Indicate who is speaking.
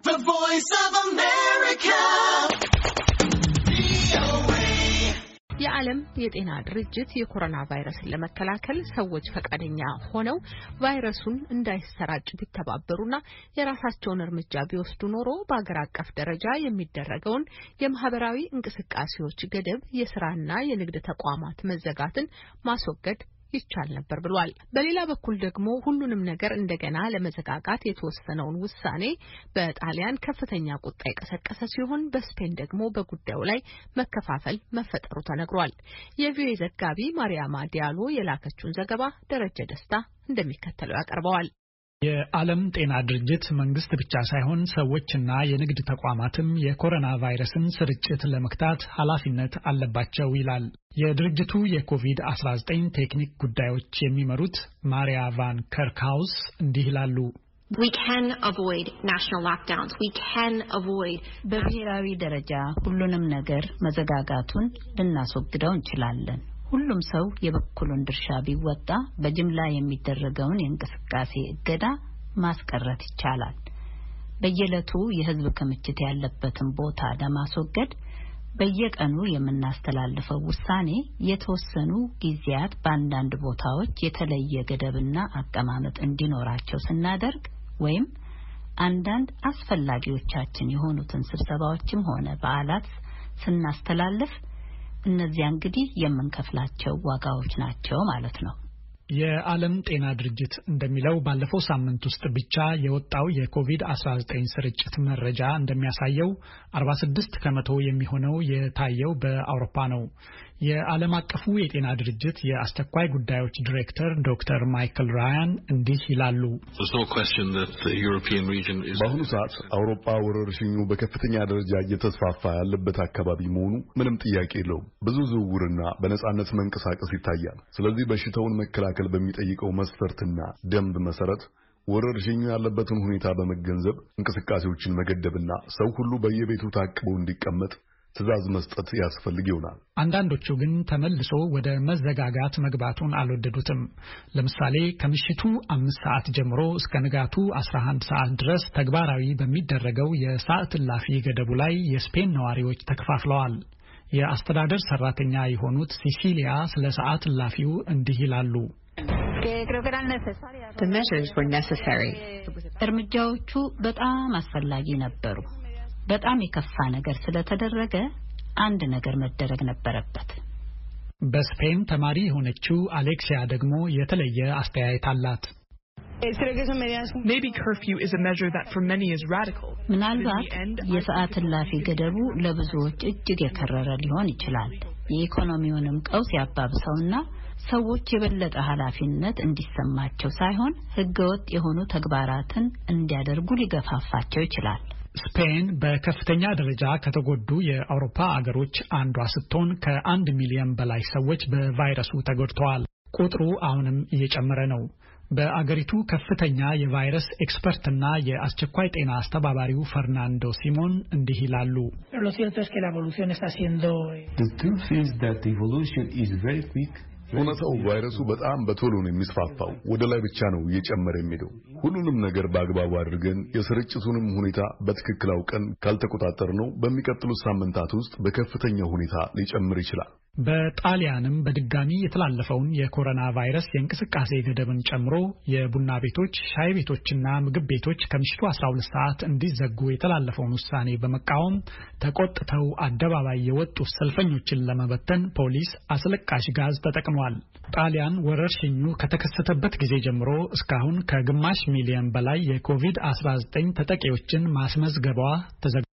Speaker 1: The Voice of America.
Speaker 2: የዓለም የጤና ድርጅት የኮሮና ቫይረስን ለመከላከል ሰዎች ፈቃደኛ ሆነው ቫይረሱን እንዳይሰራጭ ቢተባበሩና የራሳቸውን እርምጃ ቢወስዱ ኖሮ በአገር አቀፍ ደረጃ የሚደረገውን የማህበራዊ እንቅስቃሴዎች ገደብ፣ የስራና የንግድ ተቋማት መዘጋትን ማስወገድ ይቻል ነበር ብሏል። በሌላ በኩል ደግሞ ሁሉንም ነገር እንደገና ለመዘጋጋት የተወሰነውን ውሳኔ በጣሊያን ከፍተኛ ቁጣ የቀሰቀሰ ሲሆን በስፔን ደግሞ በጉዳዩ ላይ መከፋፈል መፈጠሩ ተነግሯል። የቪኦኤ ዘጋቢ ማሪያማ ዲያሎ የላከችውን ዘገባ ደረጀ ደስታ እንደሚከተለው ያቀርበዋል።
Speaker 3: የዓለም ጤና ድርጅት መንግስት ብቻ ሳይሆን ሰዎችና የንግድ ተቋማትም የኮሮና ቫይረስን ስርጭት ለመክታት ኃላፊነት አለባቸው ይላል። የድርጅቱ የኮቪድ-19 ቴክኒክ ጉዳዮች የሚመሩት ማሪያ ቫን ከርካውስ እንዲህ ይላሉ።
Speaker 1: በብሔራዊ ደረጃ ሁሉንም ነገር መዘጋጋቱን ልናስወግደው እንችላለን። ሁሉም ሰው የበኩሉን ድርሻ ቢወጣ በጅምላ የሚደረገውን የእንቅስቃሴ እገዳ ማስቀረት ይቻላል። በየዕለቱ የህዝብ ክምችት ያለበትን ቦታ ለማስወገድ በየቀኑ የምናስተላልፈው ውሳኔ የተወሰኑ ጊዜያት በአንዳንድ ቦታዎች የተለየ ገደብና አቀማመጥ እንዲኖራቸው ስናደርግ ወይም አንዳንድ አስፈላጊዎቻችን የሆኑትን ስብሰባዎችም ሆነ በዓላት ስናስተላልፍ እነዚያ እንግዲህ የምንከፍላቸው ዋጋዎች ናቸው ማለት ነው።
Speaker 3: የዓለም ጤና ድርጅት እንደሚለው ባለፈው ሳምንት ውስጥ ብቻ የወጣው የኮቪድ-19 ስርጭት መረጃ እንደሚያሳየው 46 ከመቶ የሚሆነው የታየው በአውሮፓ ነው። የዓለም አቀፉ የጤና ድርጅት የአስቸኳይ ጉዳዮች ዲሬክተር ዶክተር ማይክል ራያን እንዲህ ይላሉ።
Speaker 4: በአሁኑ ሰዓት አውሮፓ ወረርሽኙ በከፍተኛ ደረጃ እየተስፋፋ ያለበት አካባቢ መሆኑ ምንም ጥያቄ የለውም። ብዙ ዝውውርና በነጻነት መንቀሳቀስ ይታያል። ስለዚህ በሽታውን መከላከል መከላከል በሚጠይቀው መስፈርትና ደንብ መሰረት ወረርሽኙ ያለበትን ሁኔታ በመገንዘብ እንቅስቃሴዎችን መገደብና ሰው ሁሉ በየቤቱ ታቅቦ እንዲቀመጥ ትዕዛዝ መስጠት ያስፈልግ ይሆናል።
Speaker 3: አንዳንዶቹ ግን ተመልሶ ወደ መዘጋጋት መግባቱን አልወደዱትም። ለምሳሌ ከምሽቱ አምስት ሰዓት ጀምሮ እስከ ንጋቱ 11 ሰዓት ድረስ ተግባራዊ በሚደረገው የሰዓት እላፊ ገደቡ ላይ የስፔን ነዋሪዎች ተከፋፍለዋል። የአስተዳደር ሰራተኛ የሆኑት ሲሲሊያ ስለ ሰዓት እላፊው እንዲህ ይላሉ።
Speaker 1: The measures were necessary. እርምጃዎቹ በጣም አስፈላጊ
Speaker 3: ነበሩ። በጣም የከፋ ነገር ስለተደረገ አንድ ነገር መደረግ ነበረበት። በስፔን ተማሪ የሆነችው አሌክሲያ ደግሞ የተለየ አስተያየት አላት።
Speaker 2: eh,
Speaker 1: ምናልባት የሰዓት እላፊ ገደቡ ለብዙዎች እጅግ የከረረ ሊሆን ይችላል። የኢኮኖሚውንም ቀውስ ያባብሰውና ሰዎች የበለጠ ኃላፊነት እንዲሰማቸው ሳይሆን ህገወጥ የሆኑ ተግባራትን እንዲያደርጉ ሊገፋፋቸው ይችላል።
Speaker 3: ስፔን በከፍተኛ ደረጃ ከተጎዱ የአውሮፓ አገሮች አንዷ ስትሆን ከአንድ ሚሊዮን በላይ ሰዎች በቫይረሱ ተጎድተዋል። ቁጥሩ አሁንም እየጨመረ ነው። በአገሪቱ ከፍተኛ የቫይረስ ኤክስፐርትና የአስቸኳይ ጤና አስተባባሪው ፈርናንዶ ሲሞን እንዲህ ይላሉ።
Speaker 4: እውነታው ቫይረሱ በጣም በቶሎ ነው የሚስፋፋው፣ ወደ ላይ ብቻ ነው እየጨመረ የሚሄደው። ሁሉንም ነገር በአግባቡ አድርገን የስርጭቱንም ሁኔታ በትክክል አውቀን ካልተቆጣጠር ነው በሚቀጥሉት ሳምንታት ውስጥ በከፍተኛ ሁኔታ ሊጨምር ይችላል።
Speaker 3: በጣሊያንም በድጋሚ የተላለፈውን የኮሮና ቫይረስ የእንቅስቃሴ ገደብን ጨምሮ የቡና ቤቶች፣ ሻይ ቤቶችና ምግብ ቤቶች ከምሽቱ 12 ሰዓት እንዲዘጉ የተላለፈውን ውሳኔ በመቃወም ተቆጥተው አደባባይ የወጡ ሰልፈኞችን ለመበተን ፖሊስ አስለቃሽ ጋዝ ተጠቅሟል። ጣሊያን ወረርሽኙ ከተከሰተበት ጊዜ ጀምሮ እስካሁን ከግማሽ ሚሊዮን በላይ የኮቪድ-19 ተጠቂዎችን ማስመዝገቧ ተዘግ